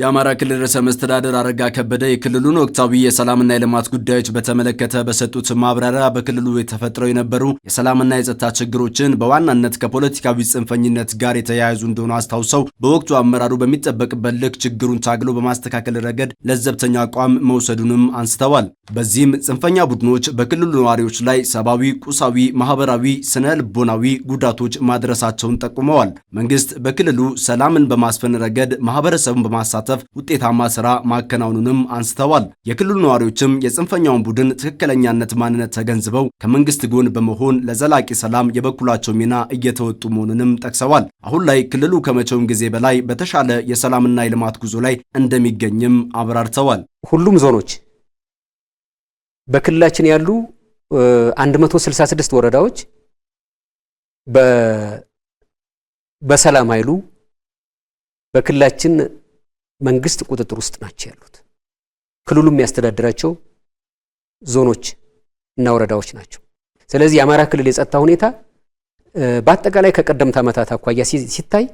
የአማራ ክልል ርዕሰ መስተዳደር አረጋ ከበደ የክልሉን ወቅታዊ የሰላምና የልማት ጉዳዮች በተመለከተ በሰጡት ማብራሪያ በክልሉ ተፈጥረው የነበሩ የሰላምና የጸጥታ ችግሮችን በዋናነት ከፖለቲካዊ ጽንፈኝነት ጋር የተያያዙ እንደሆኑ አስታውሰው በወቅቱ አመራሩ በሚጠበቅበት ልክ ችግሩን ታግሎ በማስተካከል ረገድ ለዘብተኛ አቋም መውሰዱንም አንስተዋል። በዚህም ጽንፈኛ ቡድኖች በክልሉ ነዋሪዎች ላይ ሰብአዊ፣ ቁሳዊ፣ ማህበራዊ፣ ስነ ልቦናዊ ጉዳቶች ማድረሳቸውን ጠቁመዋል። መንግስት በክልሉ ሰላምን በማስፈን ረገድ ማህበረሰቡን በማሳት በማሳተፍ ውጤታማ ስራ ማከናወኑንም አንስተዋል። የክልሉ ነዋሪዎችም የጽንፈኛውን ቡድን ትክክለኛነት ማንነት ተገንዝበው ከመንግስት ጎን በመሆን ለዘላቂ ሰላም የበኩላቸው ሚና እየተወጡ መሆኑንም ጠቅሰዋል። አሁን ላይ ክልሉ ከመቼውም ጊዜ በላይ በተሻለ የሰላምና የልማት ጉዞ ላይ እንደሚገኝም አብራርተዋል። ሁሉም ዞኖች በክልላችን ያሉ 166 ወረዳዎች በሰላም ኃይሉ በክልላችን መንግስት ቁጥጥር ውስጥ ናቸው ያሉት። ክልሉ የሚያስተዳድራቸው ዞኖች እና ወረዳዎች ናቸው። ስለዚህ የአማራ ክልል የጸጥታ ሁኔታ በአጠቃላይ ከቀደምት ዓመታት አኳያ ሲታይ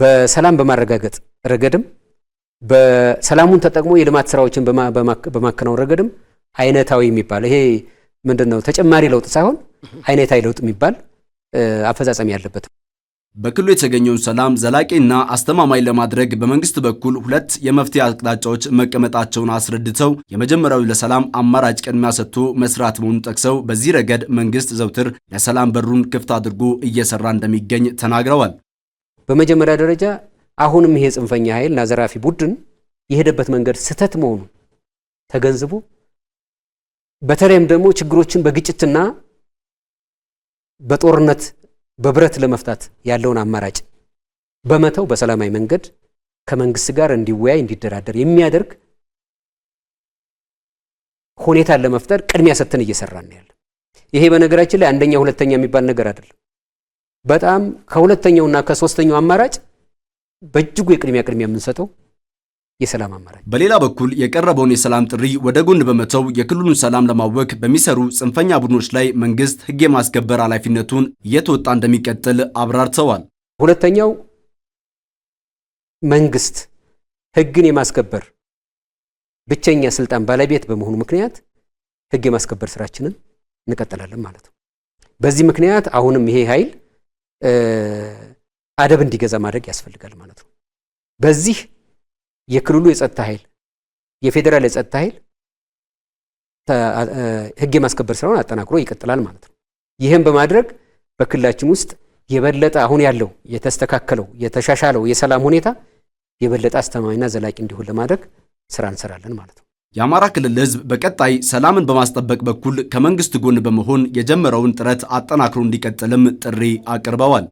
በሰላም በማረጋገጥ ረገድም በሰላሙን ተጠቅሞ የልማት ስራዎችን በማከናወን ረገድም አይነታዊ የሚባል ይሄ ምንድን ነው ተጨማሪ ለውጥ ሳይሆን አይነታዊ ለውጥ የሚባል አፈጻጸም ያለበት በክልሉ የተገኘውን ሰላም ዘላቂና አስተማማኝ ለማድረግ በመንግስት በኩል ሁለት የመፍትሄ አቅጣጫዎች መቀመጣቸውን አስረድተው የመጀመሪያው ለሰላም አማራጭ ቅድሚያ ሰጥቶ መስራት መሆኑን ጠቅሰው በዚህ ረገድ መንግስት ዘውትር ለሰላም በሩን ክፍት አድርጎ እየሰራ እንደሚገኝ ተናግረዋል። በመጀመሪያ ደረጃ አሁንም ይሄ ጽንፈኛ ኃይልና ዘራፊ ቡድን የሄደበት መንገድ ስህተት መሆኑን ተገንዝቦ በተለይም ደግሞ ችግሮችን በግጭትና በጦርነት በብረት ለመፍታት ያለውን አማራጭ በመተው በሰላማዊ መንገድ ከመንግስት ጋር እንዲወያይ እንዲደራደር የሚያደርግ ሁኔታን ለመፍጠር ቅድሚያ ሰጥተን እየሰራን ነው ያለ። ይሄ በነገራችን ላይ አንደኛ ሁለተኛ የሚባል ነገር አይደለም። በጣም ከሁለተኛውና ከሶስተኛው አማራጭ በእጅጉ የቅድሚያ ቅድሚያ የምንሰጠው የሰላም አማራጭ። በሌላ በኩል የቀረበውን የሰላም ጥሪ ወደ ጎን በመተው የክልሉን ሰላም ለማወክ በሚሰሩ ጽንፈኛ ቡድኖች ላይ መንግስት ህግ የማስከበር ኃላፊነቱን እየተወጣ እንደሚቀጥል አብራርተዋል። ሁለተኛው መንግስት ህግን የማስከበር ብቸኛ ስልጣን ባለቤት በመሆኑ ምክንያት ህግ የማስከበር ስራችንን እንቀጥላለን ማለት ነው። በዚህ ምክንያት አሁንም ይሄ ኃይል አደብ እንዲገዛ ማድረግ ያስፈልጋል ማለት ነው። በዚህ የክልሉ የጸጥታ ኃይል፣ የፌዴራል የጸጥታ ኃይል ህግ የማስከበር ስራውን አጠናክሮ ይቀጥላል ማለት ነው። ይህም በማድረግ በክልላችን ውስጥ የበለጠ አሁን ያለው የተስተካከለው የተሻሻለው የሰላም ሁኔታ የበለጠ አስተማማኝና ዘላቂ እንዲሆን ለማድረግ ስራ እንሰራለን ማለት ነው። የአማራ ክልል ህዝብ በቀጣይ ሰላምን በማስጠበቅ በኩል ከመንግስት ጎን በመሆን የጀመረውን ጥረት አጠናክሮ እንዲቀጥልም ጥሪ አቅርበዋል።